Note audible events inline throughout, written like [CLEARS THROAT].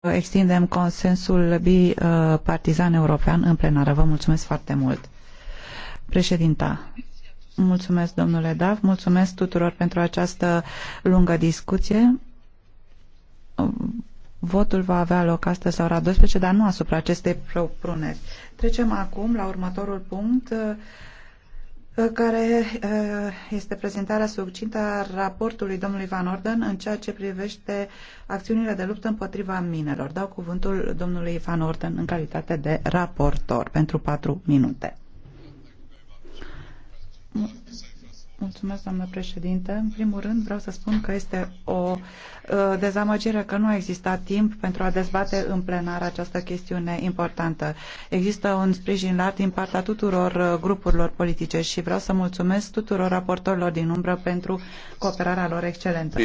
extindem consensul bipartizan european în plenară. Vă mulțumesc foarte mult. Președinta, mulțumesc domnule Dav, mulțumesc tuturor pentru această lungă discuție. Votul va avea loc astăzi la ora 12, dar nu asupra acestei propuneri. Trecem acum la următorul punct care eh, este prezentarea succintă a raportului domnului Van Orden în ceea ce privește acțiunile de luptă împotriva minelor. Dau cuvântul domnului Van Orden în calitate de raportor pentru patru minute. Mulțumesc, doamnă președinte. În primul rând vreau să spun că este o uh, dezamăgire că nu a existat timp pentru a dezbate în plenar această chestiune importantă. Există un sprijin larg din partea tuturor uh, grupurilor politice și vreau să mulțumesc tuturor raportorilor din umbră pentru cooperarea lor excelentă.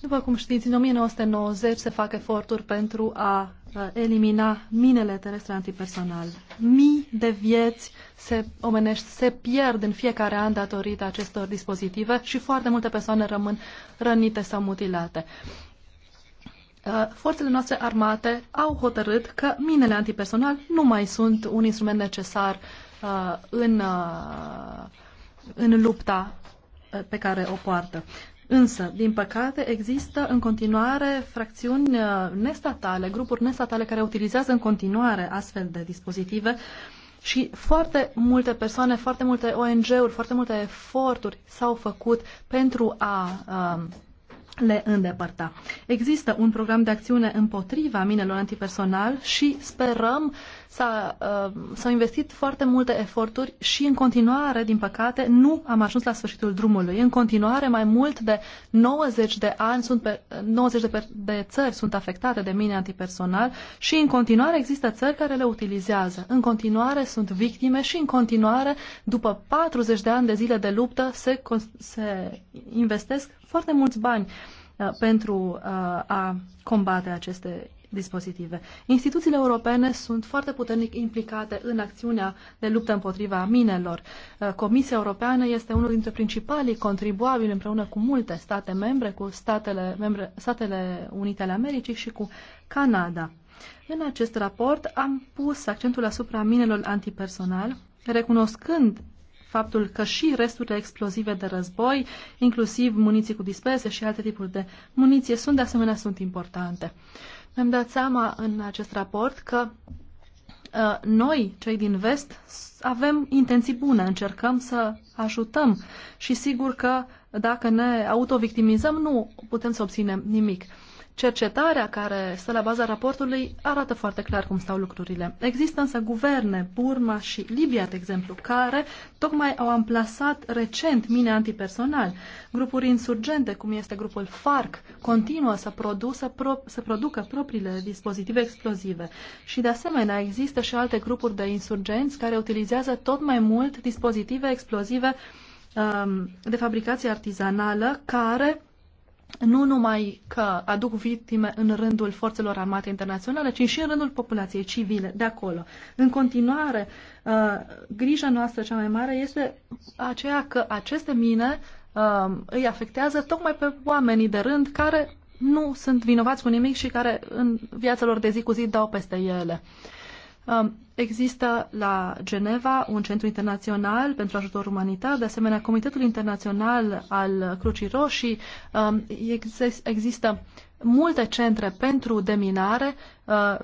După cum știți, în 1990 se fac eforturi pentru a Uh, elimina minele terestre antipersonal. Mii de vieți se, omenești se pierd în fiecare an datorită acestor dispozitive și foarte multe persoane rămân rănite sau mutilate. Uh, forțele noastre armate au hotărât că minele antipersonal nu mai sunt un instrument necesar uh, în, în lupta pe care o poartă. Însă, din păcate, există în continuare fracțiuni uh, nestatale, grupuri nestatale care utilizează în continuare astfel de dispozitive și foarte multe persoane, foarte multe ONG-uri, foarte multe eforturi s-au făcut pentru a, a um, le îndepărta. Există un program de acțiune împotriva minelor antipersonal și sperăm s-a, uh, s-au investit foarte multe eforturi și în continuare, din păcate, nu am ajuns la sfârșitul drumului. În continuare, mai mult de 90 de ani sunt pe, 90 de, pe, de țări sunt afectate de mine antipersonal și în continuare există țări care le utilizează. În continuare sunt victime și în continuare, după 40 de ani de zile de luptă, se, se investesc foarte mulți bani Uh, pentru uh, a combate aceste dispozitive. Instituțiile europene sunt foarte puternic implicate în acțiunea de luptă împotriva minelor. Uh, Comisia Europeană este unul dintre principalii contribuabili împreună cu multe state membre, cu Statele, membre, Statele Unite ale Americii și cu Canada. În acest raport am pus accentul asupra minelor antipersonal, recunoscând faptul că și resturile explozive de război, inclusiv muniții cu disperse și alte tipuri de muniție, sunt de asemenea sunt importante. Mi-am dat seama în acest raport că uh, noi, cei din vest, avem intenții bune, încercăm să ajutăm și sigur că dacă ne autovictimizăm nu putem să obținem nimic. Uh, Cercetarea care stă la baza raportului arată foarte clar cum stau lucrurile. Există însă guverne, Burma și Libia, de exemplu, care tocmai au amplasat recent mine antipersonal. Grupuri insurgente, cum este grupul FARC, continuă să, produsă, pro, să producă propriile dispozitive explozive. Și de asemenea există și alte grupuri de insurgenți care utilizează tot mai mult dispozitive explozive um, de fabricație artizanală care nu numai că aduc victime în rândul forțelor armate internaționale, ci și în rândul populației civile de acolo. În continuare, uh, grija noastră cea mai mare este aceea că aceste mine uh, îi afectează tocmai pe oamenii de rând care nu sunt vinovați cu nimic și care în viața lor de zi cu zi dau peste ele. Uh, Um, există la Geneva un centru internațional pentru ajutor umanitar, de asemenea Comitetul Internațional al Crucii Roșii. Um, există multe centre pentru deminare uh,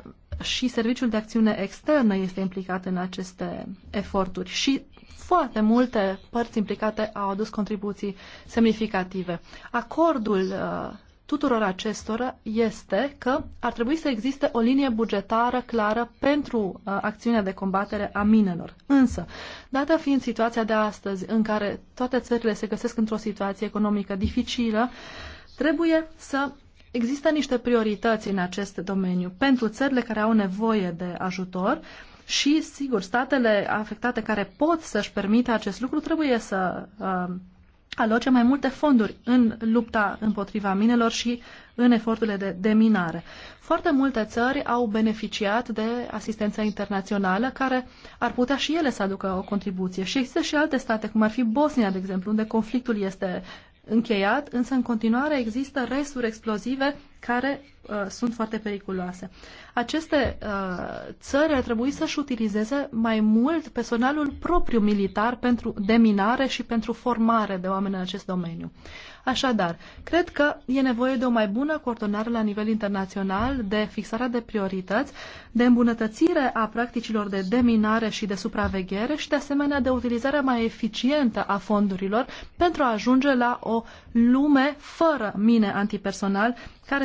și Serviciul de Acțiune Externă este implicat în aceste eforturi și foarte multe părți implicate au adus contribuții semnificative. Acordul uh, tuturor acestora este că ar trebui să existe o linie bugetară clară pentru uh, acțiunea de combatere a minelor. Însă, dată fiind situația de astăzi, în care toate țările se găsesc într-o situație economică dificilă, trebuie să există niște priorități în acest domeniu pentru țările care au nevoie de ajutor și, sigur, statele afectate care pot să-și permită acest lucru trebuie să uh, aloce mai multe fonduri în lupta împotriva minelor și în eforturile de deminare. Foarte multe țări au beneficiat de asistența internațională care ar putea și ele să aducă o contribuție. Și există și alte state, cum ar fi Bosnia, de exemplu, unde conflictul este încheiat, însă în continuare există resturi explozive care uh, sunt foarte periculoase. Aceste uh, țări ar trebui să-și utilizeze mai mult personalul propriu militar pentru deminare și pentru formare de oameni în acest domeniu. Așadar, cred că e nevoie de o mai bună coordonare la nivel internațional, de fixarea de priorități, de îmbunătățire a practicilor de deminare și de supraveghere și, de asemenea, de utilizarea mai eficientă a fondurilor pentru a ajunge la o lume fără mine antipersonal care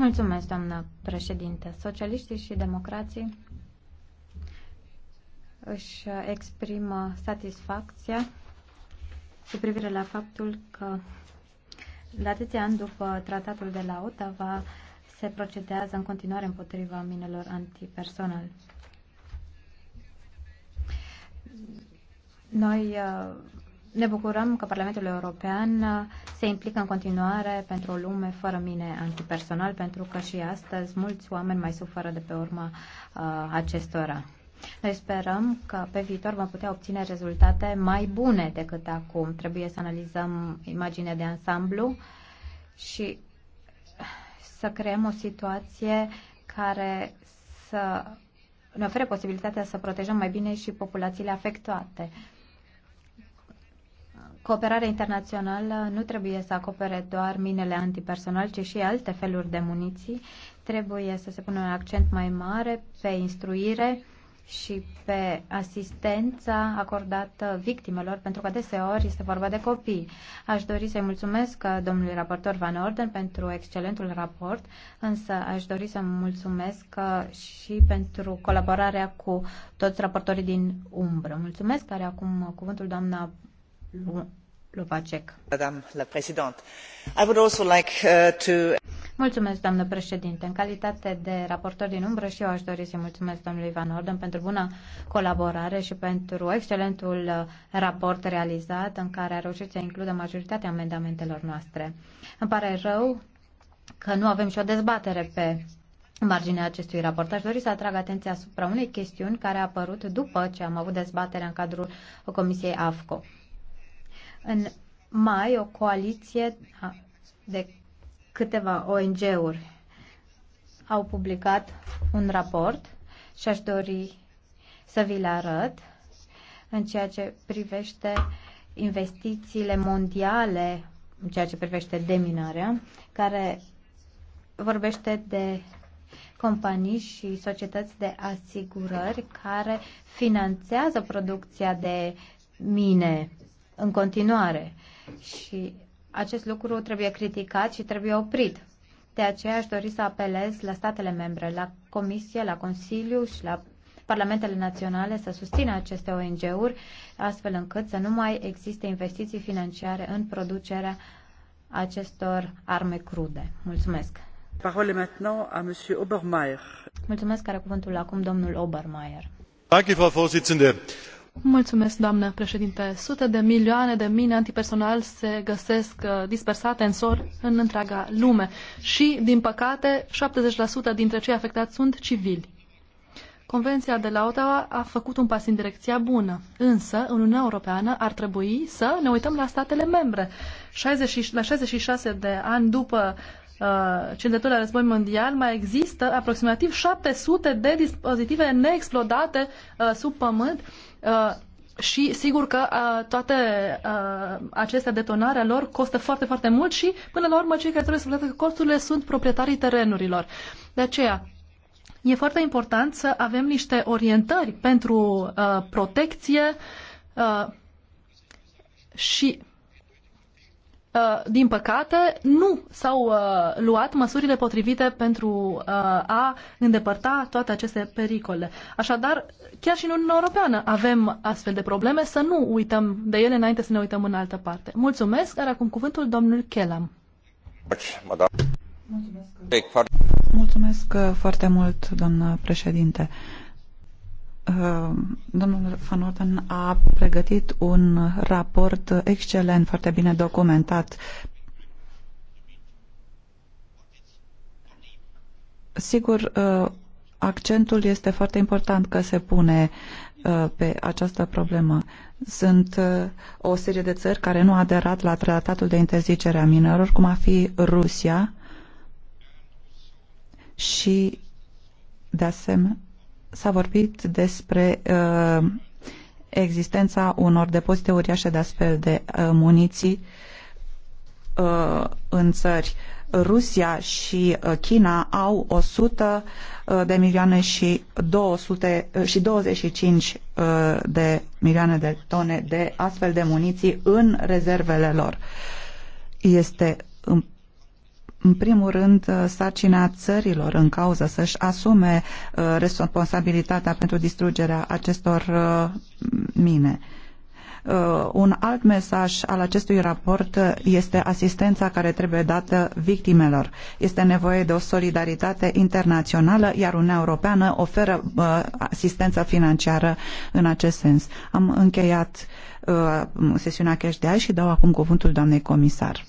Mulțumesc, doamnă președinte. Socialiștii și democrații își exprimă satisfacția cu privire la faptul că la atâția ani după tratatul de la Ottawa se procedează în continuare împotriva minelor antipersonal. Noi uh, ne bucurăm că Parlamentul European uh, se implică în continuare pentru o lume fără mine antipersonal, pentru că și astăzi mulți oameni mai suferă de pe urma uh, acestora. Noi sperăm că pe viitor vom putea obține rezultate mai bune decât acum. Trebuie să analizăm imaginea de ansamblu și să creăm o situație care să ne ofere posibilitatea să protejăm mai bine și populațiile afectate. Cooperarea internațională nu trebuie să acopere doar minele antipersonal, ci și alte feluri de muniții. Trebuie să se pună un accent mai mare pe instruire și pe asistența acordată victimelor, pentru că deseori este vorba de copii. Aș dori să-i mulțumesc domnului raportor Van Orden pentru excelentul raport, însă aș dori să mulțumesc și pentru colaborarea cu toți raportorii din umbră. Mulțumesc, care acum cuvântul doamna Uh, mulțumesc, doamnă președinte. În calitate de raportor din umbră și eu aș dori să mulțumesc domnului Van Orden pentru bună colaborare și pentru excelentul uh, raport realizat în care a reușit să includă majoritatea amendamentelor noastre. Îmi pare rău că nu avem și o dezbatere pe marginea acestui raport. Aș dori să atrag atenția asupra unei chestiuni care a apărut după ce am avut dezbaterea în cadrul Comisiei AFCO. În mai, o coaliție de câteva ONG-uri au publicat un raport și aș dori să vi-l arăt în ceea ce privește investițiile mondiale, în ceea ce privește deminarea, care vorbește de companii și societăți de asigurări care finanțează producția de mine în continuare și acest lucru trebuie criticat și trebuie oprit. De aceea aș dori să apelez la statele membre, la Comisie, la Consiliu și la parlamentele naționale să susțină aceste ONG-uri, astfel încât să nu mai existe investiții financiare în producerea acestor arme crude. Mulțumesc! Parole maintenant à Monsieur Obermeier. Mulțumesc, care cuvântul acum domnul Obermeier. Danke, Frau Vorsitzende. Mulțumesc, doamnă președinte. Sute de milioane de mine antipersonal se găsesc uh, dispersate în sor în întreaga lume și, din păcate, 70% dintre cei afectați sunt civili. Convenția de la Ottawa a făcut un pas în direcția bună, însă în Uniunea Europeană ar trebui să ne uităm la statele membre. 60, la 66 de ani după cel de doilea război mondial, mai există aproximativ 700 de dispozitive neexplodate uh, sub pământ uh, și sigur că uh, toate uh, acestea, detonarea lor, costă foarte, foarte mult și până la urmă cei care trebuie să plătească costurile sunt proprietarii terenurilor. De aceea, e foarte important să avem niște orientări pentru uh, protecție uh, și Uh, din păcate, nu s-au uh, luat măsurile potrivite pentru uh, a îndepărta toate aceste pericole. Așadar, chiar și în Uniunea Europeană avem astfel de probleme, să nu uităm de ele înainte să ne uităm în altă parte. Mulțumesc, are acum cuvântul domnul Kelam. Mulțumesc. Mulțumesc foarte mult, doamnă președinte. Uh, domnul Van Orden a pregătit un raport excelent, foarte bine documentat. Sigur, uh, accentul este foarte important că se pune uh, pe această problemă. Sunt o serie de țări care nu au aderat la tratatul de interzicere a minerilor, cum ar fi Rusia și, de asemenea, S-a vorbit despre uh, existența unor depozite uriașe de astfel de uh, muniții uh, în țări. Rusia și uh, China au 100 uh, de milioane și, 200, uh, și 25 de milioane de tone de astfel de muniții în rezervele lor. Este în primul rând, uh, sarcina țărilor în cauză să-și asume uh, responsabilitatea pentru distrugerea acestor uh, mine. Un alt mesaj al acestui raport este asistența care trebuie dată victimelor. Este nevoie de o solidaritate internațională, iar Uniunea Europeană oferă asistență financiară în acest sens. Am încheiat sesiunea cash de azi și dau acum cuvântul doamnei comisar.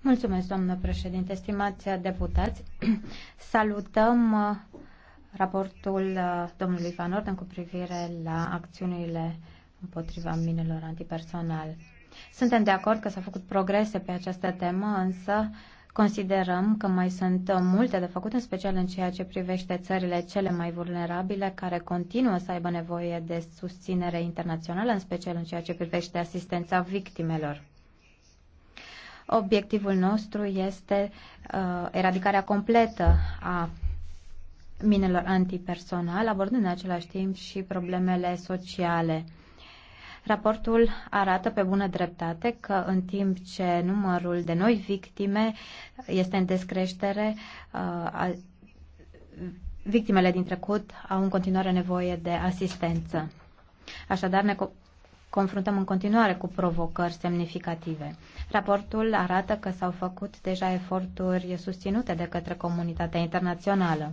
Mulțumesc, doamnă președinte, stimați deputați. [CLEARS THROAT] Salutăm uh, raportul uh, domnului Van Orden cu privire la acțiunile împotriva minelor antipersonal. Suntem de acord că s-au făcut progrese pe această temă, însă Considerăm că mai sunt multe de făcut, în special în ceea ce privește țările cele mai vulnerabile, care continuă să aibă nevoie de susținere internațională, în special în ceea ce privește asistența victimelor. Obiectivul nostru este uh, eradicarea completă a minelor antipersonal, abordând în același timp și problemele sociale. Raportul arată pe bună dreptate că în timp ce numărul de noi victime este în descreștere, uh, victimele din trecut au în continuare nevoie de asistență. Așadar, ne confruntăm în continuare cu provocări semnificative. Raportul arată că s-au făcut deja eforturi susținute de către comunitatea internațională.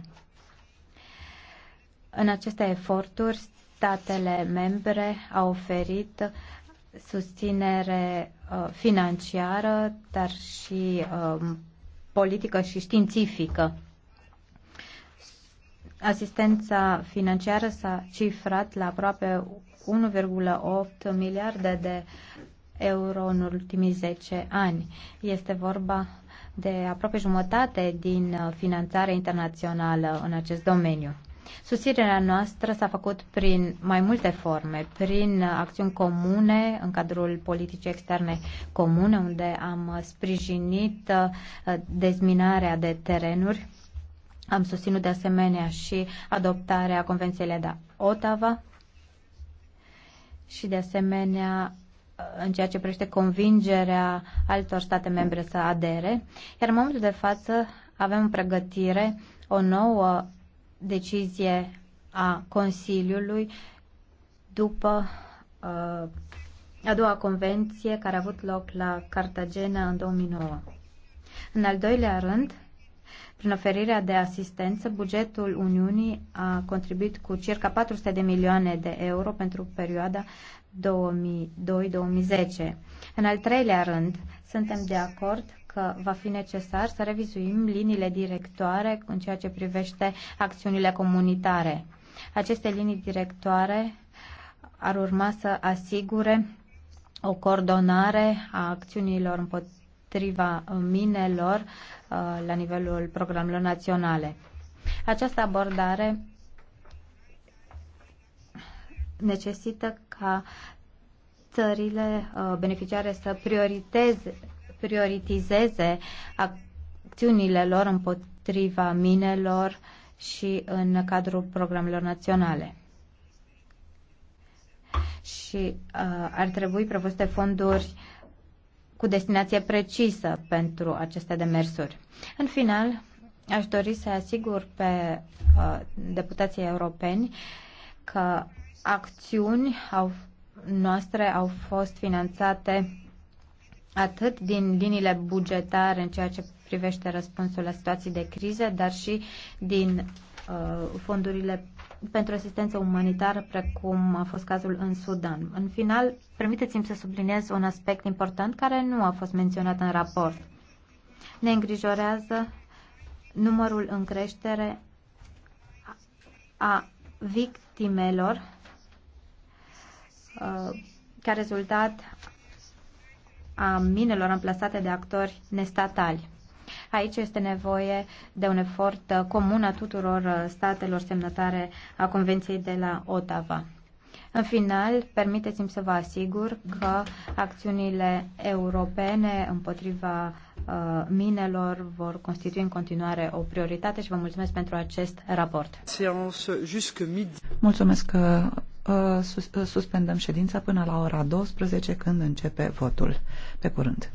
În aceste eforturi, statele membre au oferit susținere uh, financiară, dar și uh, politică și științifică. Asistența financiară s-a cifrat la aproape 1,8 miliarde de euro în ultimii 10 ani. Este vorba de aproape jumătate din uh, finanțarea internațională în acest domeniu. Susținerea noastră s-a făcut prin mai multe forme, prin uh, acțiuni comune în cadrul politicii externe comune, unde am uh, sprijinit dezminarea de terenuri, am susținut de asemenea și adoptarea Convenției de Ottawa, și de asemenea în ceea ce privește convingerea altor state membre să adere. Iar în momentul de față avem în pregătire o nouă decizie a Consiliului după uh, a doua convenție care a avut loc la Cartagena în 2009. În al doilea rând, prin oferirea de asistență, bugetul Uniunii a contribuit cu circa 400 de milioane de euro pentru perioada 2002-2010. În al treilea rând, suntem de acord că va fi necesar să revizuim liniile directoare în ceea ce privește acțiunile comunitare. Aceste linii directoare ar urma să asigure o coordonare a acțiunilor împotriva împotriva minelor uh, la nivelul programelor naționale. Această abordare necesită ca țările uh, beneficiare să prioritizeze acțiunile lor împotriva minelor și în cadrul programelor naționale. Și uh, ar trebui prevăzute fonduri uh, cu destinație precisă pentru aceste demersuri. În final, aș dori să asigur pe uh, deputații europeni că acțiuni au, noastre au fost finanțate atât din liniile bugetare în ceea ce privește răspunsul la situații de criză, dar și din uh, fondurile pentru asistență umanitară, precum a fost cazul în Sudan. În final, permiteți-mi să subliniez un aspect important care nu a fost menționat în raport. Ne îngrijorează numărul în creștere a victimelor uh, ca rezultat a minelor amplasate de actori nestatali. Aici este nevoie de un efort comun a tuturor uh, statelor semnătare a Convenției de la Ottawa. În final, permiteți-mi să vă asigur că acțiunile europene împotriva uh, minelor vor constitui în continuare o prioritate și vă mulțumesc pentru acest raport. Mulțumesc că uh, sus, suspendăm ședința până la ora 12 când începe votul. Pe curând!